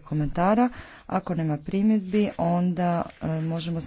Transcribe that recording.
komentara. Ako nema primjedbi, onda e, možemo